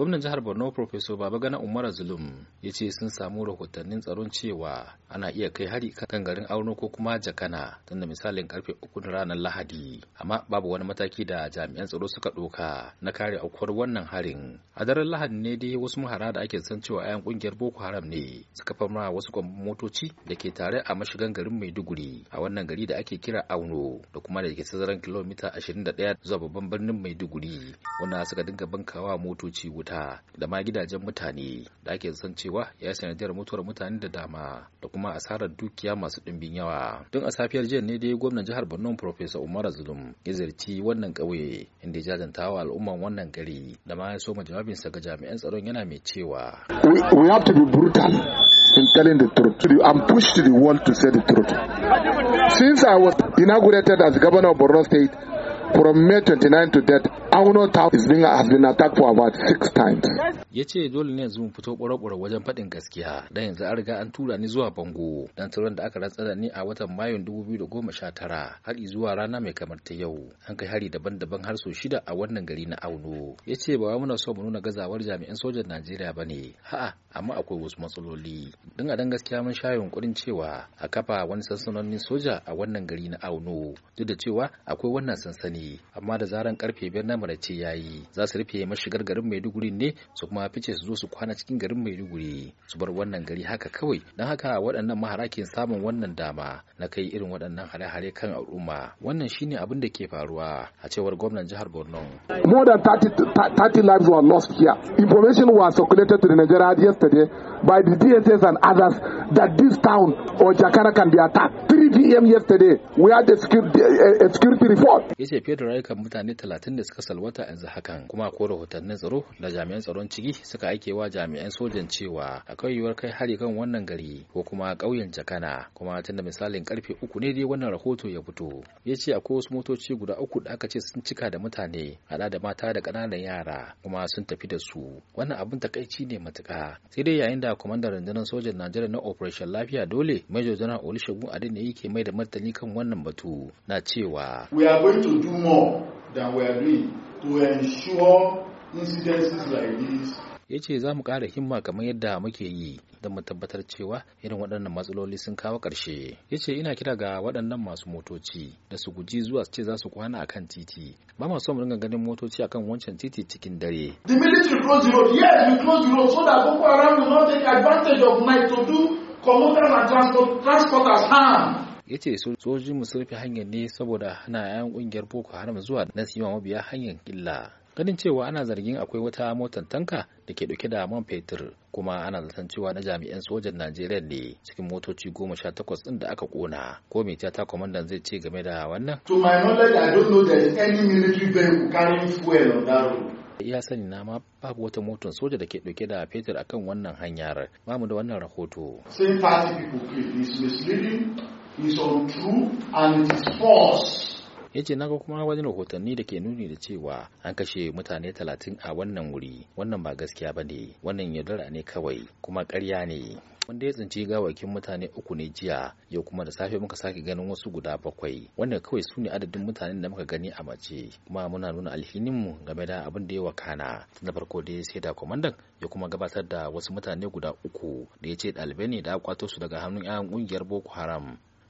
gwamnan jihar borno professor babagana umar zulum ya ce sun samu rahotannin tsaron cewa ana iya kai hari kan garin auno ko kuma jakana tunda misalin karfe uku na ranar lahadi amma babu wani mataki da jami'an tsaro suka doka na kare aukuwar wannan harin a daren lahadi ne dai wasu muhara da ake san cewa 'yan kungiyar boko haram ne suka fama wasu kwamfan motoci da ke tare a mashigan garin maiduguri a wannan gari da ake kira auno da kuma da ke tazaran kilomita 21 zuwa babban birnin maiduguri wanda suka dinga bankawa motoci wuta ta da ma gidajen mutane da ake san cewa ya yi sanadiyar mutuwar mutane da dama da kuma asarar dukiya masu ɗimbin yawa tun a safiyar jiya ne dai gwamnan jihar borno Profesa umar zulum ya ziyarci wannan ƙauye inda ya jajanta wa al'umman wannan gari da ma ya soma jawabinsa ga jami'an tsaron yana mai cewa we have to be brutal in telling the truth i'm push to the wall to say the truth since i was inaugurated as governor of borno state From May 29 to date, Auno town is being, has been attacked for about six times. ya ce dole ne yanzu mu fito ɓura wajen faɗin gaskiya dan yanzu an riga an tura ni zuwa bango dan taron da aka rantsar da ni a watan mayun 2019 har zuwa rana mai kamar ta yau an kai hari daban-daban har sau shida a wannan gari na auno ya ce ba muna so mu nuna gazawar jami'an sojan najeriya ba ne Ha'a, amma akwai wasu matsaloli don a dan gaskiya mun sha yunkurin cewa a kafa wani sansanonin soja a wannan gari na auno duk da cewa akwai wannan sansani amma da zaran karfe biyar na marace yi. za su rufe mashigar garin maiduguri ne su kuma kuma fice su zo su kwana cikin garin maiduguri su bar wannan gari haka kawai don haka waɗannan mahara ke samun wannan dama na kai irin waɗannan hare-hare kan al'umma wannan shine abin da ke faruwa a cewar gwamnan jihar borno more than 30, 30 lives were lost here information was circulated to the nigeria yesterday by the dss and others that this town or Jakarta can be attacked DGM yesterday we had a security, report. Ya ce fiye da rayukan mutane 30 da suka salwata yanzu hakan kuma ko rahotannin tsaro da jami'an tsaron ciki suka aike wa jami'an sojan cewa akwai yiwuwar kai hari kan wannan gari ko kuma ƙauyen Jakana kuma tun da misalin karfe uku ne dai wannan rahoto ya fito. Ya ce akwai wasu motoci guda uku da aka ce sun cika da mutane hada da mata da ƙananan yara kuma sun tafi da su wannan abin takaici ne matuƙa sai dai yayin da kwamandan rundunar sojan Najeriya na Operation Lafiya dole Major General Olusegun Adeniyi ke mai da martani kan wannan batu na cewa we are going to do more than we are doing to ensure incidences like this ya ce za mu ƙara himma kamar yadda muke yi don mu tabbatar cewa irin waɗannan matsaloli sun kawo ƙarshe ya ce ina kira ga waɗannan masu motoci da su guji zuwa su ce za su kwana a kan titi ba ma son mu dinga ganin motoci a kan wancan titi cikin dare. the military close the road yes we close the road so that boko haram will not take advantage of night to do commuter and transport transporters harm. ya ce sojojinmu mu rufe hanyar ne saboda hana 'yan kungiyar boko haram zuwa na siyan mabiya hanyar illa ganin cewa ana zargin akwai wata motar tanka da ke dauke da man fetur kuma ana zaton cewa na jami'an sojan najeriya ne cikin motoci goma sha takwas din da aka kona ko mai ta kwamandan zai ce game da wannan to my knowledge i don't know there any military vehicle carrying fuel on that road iya sani na ma babu wata motar soja da ke dauke da fetur akan wannan hanyar mu da wannan rahoto same party people misleading is untrue and it is false. ya ce naga kuma wajen rahotanni da ke nuni da cewa an kashe mutane talatin a wannan wuri wannan ba gaskiya ba ne wannan yaudara ne kawai kuma karya ne wanda ya tsinci gawakin mutane uku ne jiya yau kuma da safe muka sake ganin wasu guda bakwai wannan kawai su ne adadin mutanen da muka gani a mace kuma muna nuna alhininmu game da abin da ya wakana tun da farko da ya sai da kwamandan ya kuma gabatar da wasu mutane guda uku da ya ce ɗalibai ne da kwato su daga hannun 'yan ƙungiyar boko haram